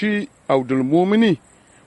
shi abdulmumini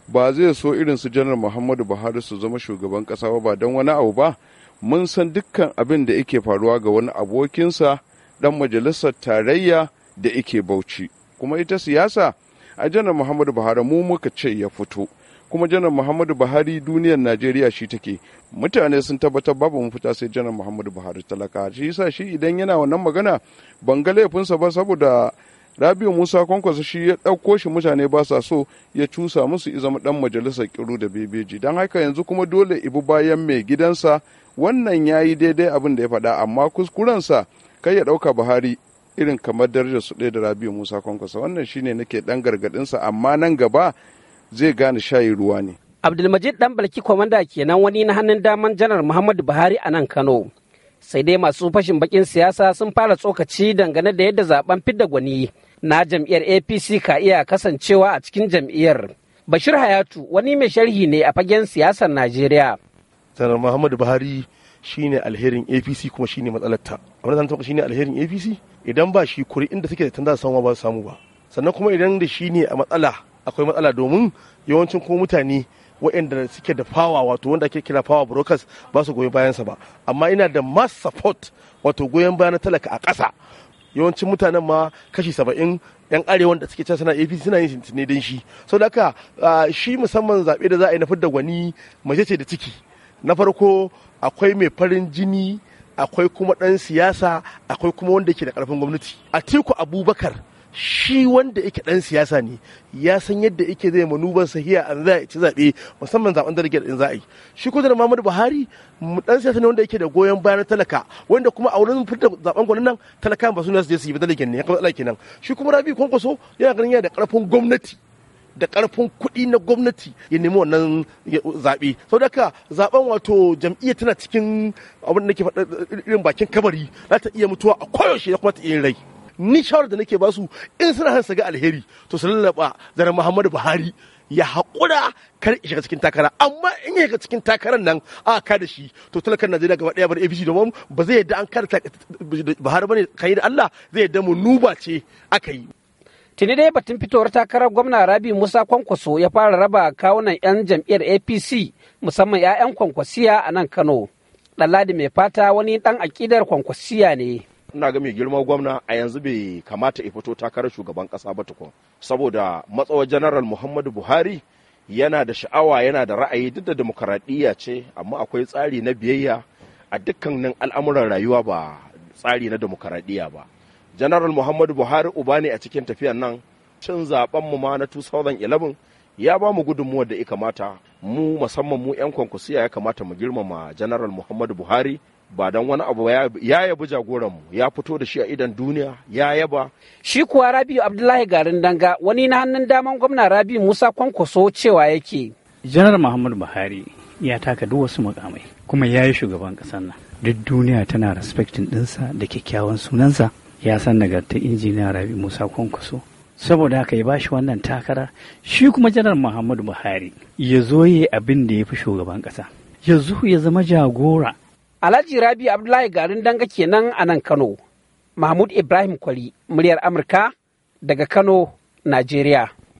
ba zai so irin su janar muhammadu buhari su zama shugaban kasa ba don wani abu ba mun san dukkan abin da yake faruwa ga wani abokinsa dan majalisar tarayya da ike bauchi kuma ita siyasa a janar muhammadu buhari mu muka ce ya fito kuma janar muhammadu buhari duniyar najeriya shi take mutane sun tabbatar babu mafita sai janar muhammadu buhari talaka shi yasa shi idan yana wannan magana ban ga laifinsa ba saboda rabiu musa kwankwasa shi ya ɗauko shi mutane ba sa so ya cusa musu izama zama ɗan majalisar kiru da bebeji don haka yanzu kuma dole ibu bayan mai gidansa wannan ya yi daidai abin da ya faɗa amma kuskurensa kai ya ɗauka buhari irin kamar darajar su ɗaya da rabiu musa kwankwasa wannan shine nake ɗan gargaɗinsa amma nan gaba zai gane shayi ruwa ne abdulmajid ɗan balki kwamanda kenan wani na hannun daman janar muhammadu buhari a nan kano sai dai masu fashin bakin siyasa sun fara tsokaci dangane da yadda zaben fidda gwani na jam'iyyar apc ka iya kasancewa a cikin jam'iyyar bashir hayatu wani mai sharhi ne a fagen siyasar najeriya sanar muhammadu buhari shine alherin apc kuma shine matsalarta abin da zan shine alherin apc idan ba shi kuri inda suke da tun za su samu ba su samu ba sannan kuma idan da shi ne a matsala akwai matsala domin yawancin kuma mutane waɗanda suke da fawa wato wanda ake kira fawa brokers ba su goyi bayansa ba amma ina da mass support wato goyon bayan talaka a ƙasa yawancin mutanen ma kashi saba'in yan arewa da suke can suna apc suna yin ne don shi so da haka shi musamman zaɓe da za a yi na fidda gwani mace ce da ciki na farko akwai mai farin jini akwai kuma ɗan siyasa akwai kuma wanda ke da ƙarfin gwamnati atiku abubakar shi wanda yake dan siyasa ne ya san yadda yake zai manuban sahiya an za a ci zaɓe musamman zaɓen darajar in za a yi shi ko da Muhammadu Buhari dan siyasa ne wanda yake da goyon bayan talaka wanda kuma a wurin fitar zaɓen gwanin nan talaka ba su ne su je su yi dalagen ne ya kama kenan shi kuma Rabi Kwankwaso yana ganin yana da karfin gwamnati da karfin kuɗi na gwamnati ya nemi wannan zaɓe sau da haka zaɓen wato jam'iyyar tana cikin abin da ke faɗa irin bakin kabari za ta iya mutuwa a koyaushe da kuma ta iya rai ni da nake basu in suna son su ga alheri to su lallaba zanen muhammadu buhari ya haƙura kar shiga cikin takara amma in ya shiga cikin takarar nan a ka da shi to talakan najeriya gaba ɗaya bar abc domin ba zai yadda an karta buhari bane kai da allah zai yadda mu nuba ce aka yi tuni dai batun fitowar takarar gwamna rabi musa kwankwaso ya fara raba kawunan 'yan jam'iyyar apc musamman 'ya'yan kwankwasiya a nan kano ɗan mai fata wani ɗan aƙidar kwankwasiya ne ina ga mai girma gwamna a yanzu bai kamata ya fito takarar shugaban kasa ba tukun saboda matsawar janaral muhammadu buhari yana da sha'awa yana da ra'ayi duk da demokaradiyya ce amma akwai tsari na biyayya a dukkanin al'amuran rayuwa ba tsari na demokaradiyya ba janaral muhammadu buhari uba ne a cikin tafiyan nan cin zaben mu ma na 2011 ya ba mu gudunmuwar da ya kamata mu musamman mu 'yan kwankwasiya ya kamata mu girmama janaral muhammadu buhari ba don wani abu ya yabi jagoranmu ya fito da shi a idan duniya ya yaba. Shi kuwa Rabiu Abdullahi Garin Danga wani na hannun daman gwamna Rabiu Musa Kwankwaso cewa yake. Janar Muhammadu Buhari ya taka duk wasu mukamai kuma ya yi shugaban ƙasar nan. Duk duniya tana respectin ɗinsa da kyakkyawan sunansa ya san ta injiniya Rabiu Musa Kwankwaso. Saboda haka ya bashi wannan takara shi kuma Janar Muhammadu Buhari ya zo yi abin da ya fi shugaban ƙasa. Ya zo ya zama jagora Alhaji Rabi Abdullahi garin danga kenan a nan Kano. Mahmud Ibrahim Kwari, muryar Amurka daga Kano, Najeriya.